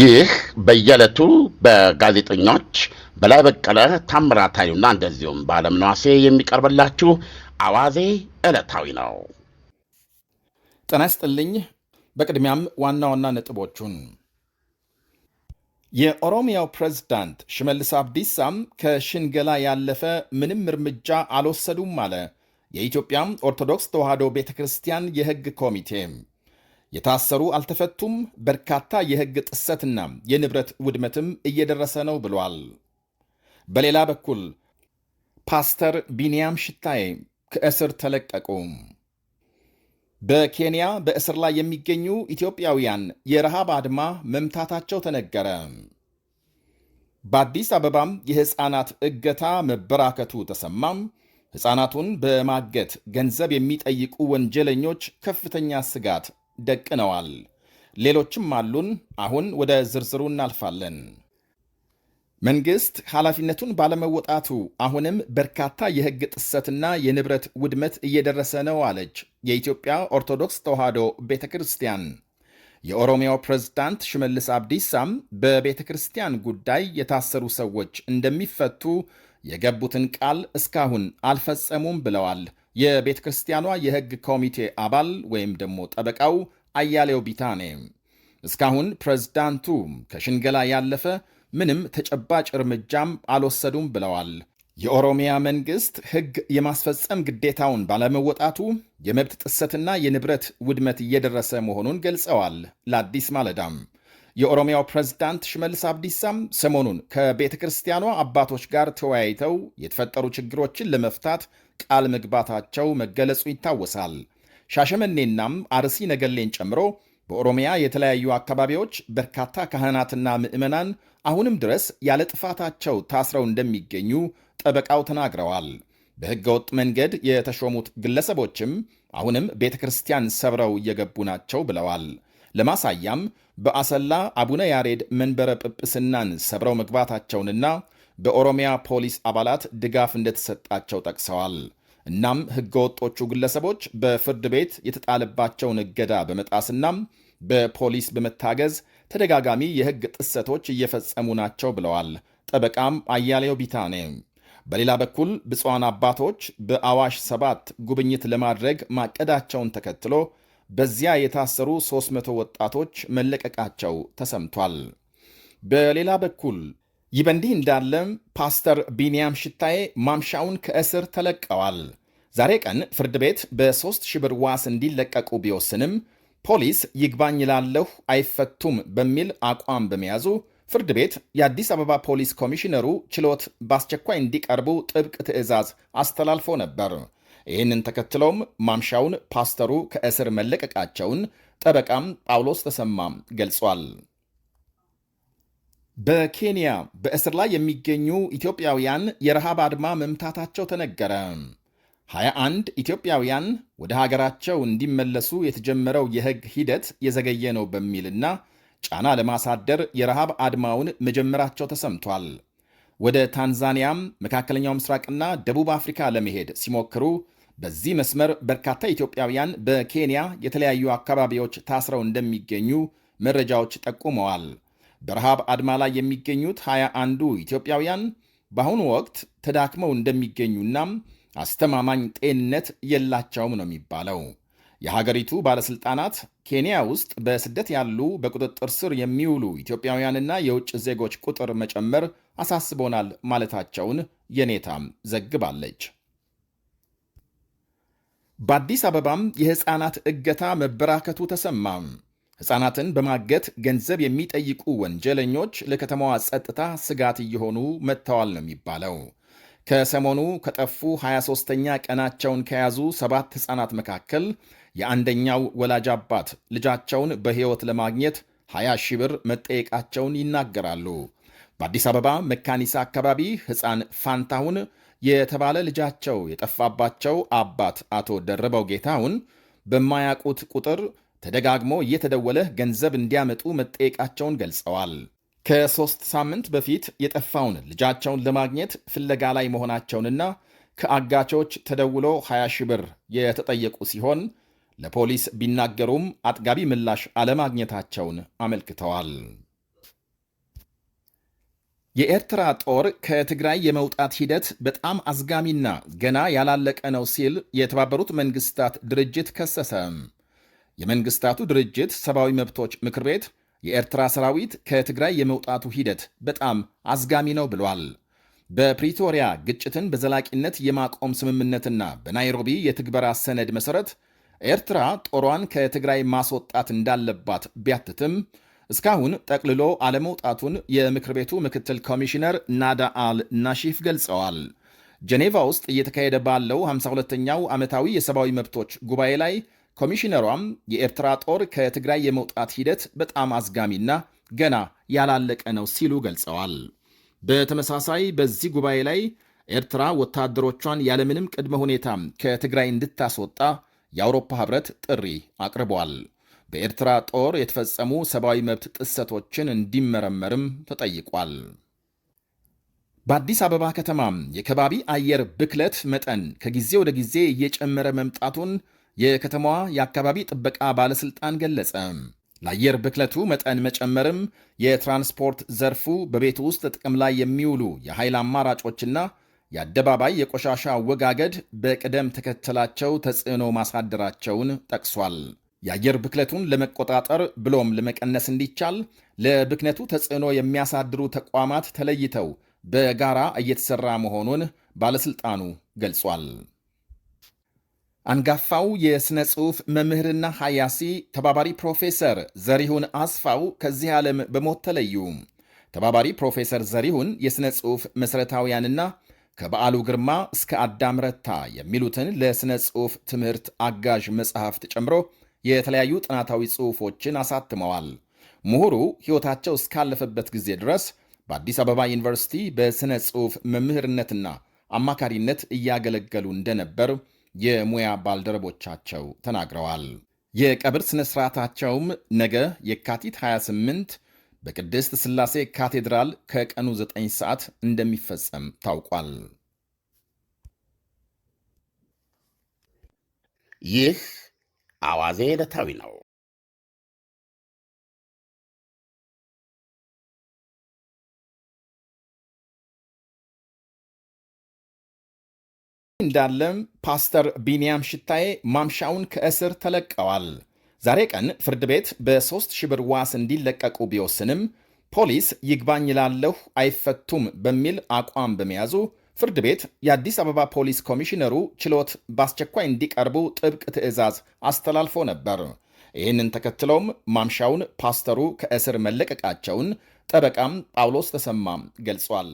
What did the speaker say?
ይህ በየዕለቱ በጋዜጠኞች በላይ በቀለ ታምራት ኃይሉና እንደዚሁም በዓለም ነዋሴ የሚቀርብላችሁ አዋዜ ዕለታዊ ነው። ጤና ይስጥልኝ። በቅድሚያም ዋና ዋና ነጥቦቹን የኦሮሚያው ፕሬዝዳንት ሽመልስ አብዲሳም ከሽንገላ ያለፈ ምንም እርምጃ አልወሰዱም አለ የኢትዮጵያ ኦርቶዶክስ ተዋሕዶ ቤተ ክርስቲያን የሕግ ኮሚቴ የታሰሩ አልተፈቱም፣ በርካታ የሕግ ጥሰትና የንብረት ውድመትም እየደረሰ ነው ብሏል። በሌላ በኩል ፓስተር ቢንያም ሽታዬ ከእስር ተለቀቁ። በኬንያ በእስር ላይ የሚገኙ ኢትዮጵያውያን የረሃብ አድማ መምታታቸው ተነገረ። በአዲስ አበባም የሕፃናት እገታ መበራከቱ ተሰማም። ሕፃናቱን በማገት ገንዘብ የሚጠይቁ ወንጀለኞች ከፍተኛ ስጋት ደቅነዋል። ሌሎችም አሉን። አሁን ወደ ዝርዝሩ እናልፋለን። መንግስት ኃላፊነቱን ባለመወጣቱ አሁንም በርካታ የሕግ ጥሰትና የንብረት ውድመት እየደረሰ ነው አለች የኢትዮጵያ ኦርቶዶክስ ተዋሕዶ ቤተ ክርስቲያን። የኦሮሚያው ፕሬዝዳንት ሽመልስ አብዲሳም በቤተ ክርስቲያን ጉዳይ የታሰሩ ሰዎች እንደሚፈቱ የገቡትን ቃል እስካሁን አልፈጸሙም ብለዋል። የቤተ ክርስቲያኗ የሕግ ኮሚቴ አባል ወይም ደግሞ ጠበቃው አያሌው ቢታኔ እስካሁን ፕሬዝዳንቱ ከሽንገላ ያለፈ ምንም ተጨባጭ እርምጃም አልወሰዱም ብለዋል። የኦሮሚያ መንግሥት ሕግ የማስፈጸም ግዴታውን ባለመወጣቱ የመብት ጥሰትና የንብረት ውድመት እየደረሰ መሆኑን ገልጸዋል። ለአዲስ ማለዳም የኦሮሚያው ፕሬዝዳንት ሽመልስ አብዲሳም ሰሞኑን ከቤተ ክርስቲያኗ አባቶች ጋር ተወያይተው የተፈጠሩ ችግሮችን ለመፍታት ቃል መግባታቸው መገለጹ ይታወሳል። ሻሸመኔናም አርሲ ነገሌን ጨምሮ በኦሮሚያ የተለያዩ አካባቢዎች በርካታ ካህናትና ምዕመናን አሁንም ድረስ ያለ ጥፋታቸው ታስረው እንደሚገኙ ጠበቃው ተናግረዋል። በሕገወጥ መንገድ የተሾሙት ግለሰቦችም አሁንም ቤተ ክርስቲያን ሰብረው እየገቡ ናቸው ብለዋል። ለማሳያም በአሰላ አቡነ ያሬድ መንበረ ጵጵስናን ሰብረው መግባታቸውንና በኦሮሚያ ፖሊስ አባላት ድጋፍ እንደተሰጣቸው ጠቅሰዋል። እናም ህገወጦቹ ግለሰቦች በፍርድ ቤት የተጣለባቸውን እገዳ በመጣስና በፖሊስ በመታገዝ ተደጋጋሚ የህግ ጥሰቶች እየፈጸሙ ናቸው ብለዋል። ጠበቃም አያሌው ቢታኔ በሌላ በኩል ብፁዓን አባቶች በአዋሽ ሰባት ጉብኝት ለማድረግ ማቀዳቸውን ተከትሎ በዚያ የታሰሩ 300 ወጣቶች መለቀቃቸው ተሰምቷል። በሌላ በኩል ይህ በእንዲህ እንዳለም ፓስተር ቢንያም ሽታዬ ማምሻውን ከእስር ተለቀዋል። ዛሬ ቀን ፍርድ ቤት በሦስት ሺህ ብር ዋስ እንዲለቀቁ ቢወስንም ፖሊስ ይግባኝ ላለሁ አይፈቱም በሚል አቋም በመያዙ ፍርድ ቤት የአዲስ አበባ ፖሊስ ኮሚሽነሩ ችሎት በአስቸኳይ እንዲቀርቡ ጥብቅ ትዕዛዝ አስተላልፎ ነበር። ይህንን ተከትለውም ማምሻውን ፓስተሩ ከእስር መለቀቃቸውን ጠበቃም ጳውሎስ ተሰማም ገልጿል። በኬንያ በእስር ላይ የሚገኙ ኢትዮጵያውያን የረሃብ አድማ መምታታቸው ተነገረ። 21 ኢትዮጵያውያን ወደ ሀገራቸው እንዲመለሱ የተጀመረው የሕግ ሂደት የዘገየ ነው በሚልና ጫና ለማሳደር የረሃብ አድማውን መጀመራቸው ተሰምቷል። ወደ ታንዛኒያም መካከለኛው ምስራቅና ደቡብ አፍሪካ ለመሄድ ሲሞክሩ በዚህ መስመር በርካታ ኢትዮጵያውያን በኬንያ የተለያዩ አካባቢዎች ታስረው እንደሚገኙ መረጃዎች ጠቁመዋል። በረሃብ አድማ ላይ የሚገኙት ሃያ አንዱ ኢትዮጵያውያን በአሁኑ ወቅት ተዳክመው እንደሚገኙና አስተማማኝ ጤንነት የላቸውም ነው የሚባለው። የሀገሪቱ ባለሥልጣናት ኬንያ ውስጥ በስደት ያሉ በቁጥጥር ስር የሚውሉ ኢትዮጵያውያንና የውጭ ዜጎች ቁጥር መጨመር አሳስቦናል ማለታቸውን የኔታም ዘግባለች። በአዲስ አበባም የሕፃናት እገታ መበራከቱ ተሰማ። ሕፃናትን በማገት ገንዘብ የሚጠይቁ ወንጀለኞች ለከተማዋ ጸጥታ ስጋት እየሆኑ መጥተዋል ነው የሚባለው። ከሰሞኑ ከጠፉ 23ኛ ቀናቸውን ከያዙ ሰባት ሕፃናት መካከል የአንደኛው ወላጅ አባት ልጃቸውን በሕይወት ለማግኘት 20 ሺህ ብር መጠየቃቸውን ይናገራሉ። በአዲስ አበባ መካኒሳ አካባቢ ሕፃን ፋንታሁን የተባለ ልጃቸው የጠፋባቸው አባት አቶ ደርበው ጌታውን በማያውቁት ቁጥር ተደጋግሞ እየተደወለ ገንዘብ እንዲያመጡ መጠየቃቸውን ገልጸዋል። ከሦስት ሳምንት በፊት የጠፋውን ልጃቸውን ለማግኘት ፍለጋ ላይ መሆናቸውንና ከአጋቾች ተደውሎ 20 ሺህ ብር የተጠየቁ ሲሆን ለፖሊስ ቢናገሩም አጥጋቢ ምላሽ አለማግኘታቸውን አመልክተዋል። የኤርትራ ጦር ከትግራይ የመውጣት ሂደት በጣም አዝጋሚና ገና ያላለቀ ነው ሲል የተባበሩት መንግስታት ድርጅት ከሰሰ። የመንግስታቱ ድርጅት ሰብአዊ መብቶች ምክር ቤት የኤርትራ ሰራዊት ከትግራይ የመውጣቱ ሂደት በጣም አዝጋሚ ነው ብሏል። በፕሪቶሪያ ግጭትን በዘላቂነት የማቆም ስምምነትና በናይሮቢ የትግበራ ሰነድ መሠረት ኤርትራ ጦሯን ከትግራይ ማስወጣት እንዳለባት ቢያትትም እስካሁን ጠቅልሎ አለመውጣቱን የምክር ቤቱ ምክትል ኮሚሽነር ናዳ አል ናሺፍ ገልጸዋል። ጀኔቫ ውስጥ እየተካሄደ ባለው 52ኛው ዓመታዊ የሰብአዊ መብቶች ጉባኤ ላይ ኮሚሽነሯም የኤርትራ ጦር ከትግራይ የመውጣት ሂደት በጣም አዝጋሚና ገና ያላለቀ ነው ሲሉ ገልጸዋል። በተመሳሳይ በዚህ ጉባኤ ላይ ኤርትራ ወታደሮቿን ያለምንም ቅድመ ሁኔታ ከትግራይ እንድታስወጣ የአውሮፓ ሕብረት ጥሪ አቅርቧል። በኤርትራ ጦር የተፈጸሙ ሰብአዊ መብት ጥሰቶችን እንዲመረመርም ተጠይቋል። በአዲስ አበባ ከተማም የከባቢ አየር ብክለት መጠን ከጊዜ ወደ ጊዜ እየጨመረ መምጣቱን የከተማዋ የአካባቢ ጥበቃ ባለሥልጣን ገለጸ። ለአየር ብክለቱ መጠን መጨመርም የትራንስፖርት ዘርፉ በቤት ውስጥ ጥቅም ላይ የሚውሉ የኃይል አማራጮችና የአደባባይ የቆሻሻ አወጋገድ በቅደም ተከተላቸው ተጽዕኖ ማሳደራቸውን ጠቅሷል። የአየር ብክለቱን ለመቆጣጠር ብሎም ለመቀነስ እንዲቻል ለብክነቱ ተጽዕኖ የሚያሳድሩ ተቋማት ተለይተው በጋራ እየተሰራ መሆኑን ባለስልጣኑ ገልጿል። አንጋፋው የሥነ ጽሑፍ መምህርና ሐያሲ ተባባሪ ፕሮፌሰር ዘሪሁን አስፋው ከዚህ ዓለም በሞት ተለዩ። ተባባሪ ፕሮፌሰር ዘሪሁን የሥነ ጽሑፍ መሠረታውያንና ከበዓሉ ግርማ እስከ አዳም ረታ የሚሉትን ለሥነ ጽሑፍ ትምህርት አጋዥ መጽሐፍት ጨምሮ የተለያዩ ጥናታዊ ጽሑፎችን አሳትመዋል። ምሁሩ ሕይወታቸው እስካለፈበት ጊዜ ድረስ በአዲስ አበባ ዩኒቨርሲቲ በሥነ ጽሑፍ መምህርነትና አማካሪነት እያገለገሉ እንደነበር የሙያ ባልደረቦቻቸው ተናግረዋል። የቀብር ሥነ ሥርዓታቸውም ነገ የካቲት 28 በቅድስት ሥላሴ ካቴድራል ከቀኑ 9 ሰዓት እንደሚፈጸም ታውቋል። ይህ አዋዜ ዕለታዊ ነው። እንዳለም ፓስተር ቢንያም ሽታዬ ማምሻውን ከእስር ተለቀዋል። ዛሬ ቀን ፍርድ ቤት በሦስት ሺህ ብር ዋስ እንዲለቀቁ ቢወስንም ፖሊስ ይግባኝ ላለሁ አይፈቱም በሚል አቋም በመያዙ ፍርድ ቤት የአዲስ አበባ ፖሊስ ኮሚሽነሩ ችሎት በአስቸኳይ እንዲቀርቡ ጥብቅ ትዕዛዝ አስተላልፎ ነበር። ይህንን ተከትለውም ማምሻውን ፓስተሩ ከእስር መለቀቃቸውን ጠበቃም ጳውሎስ ተሰማም ገልጿል።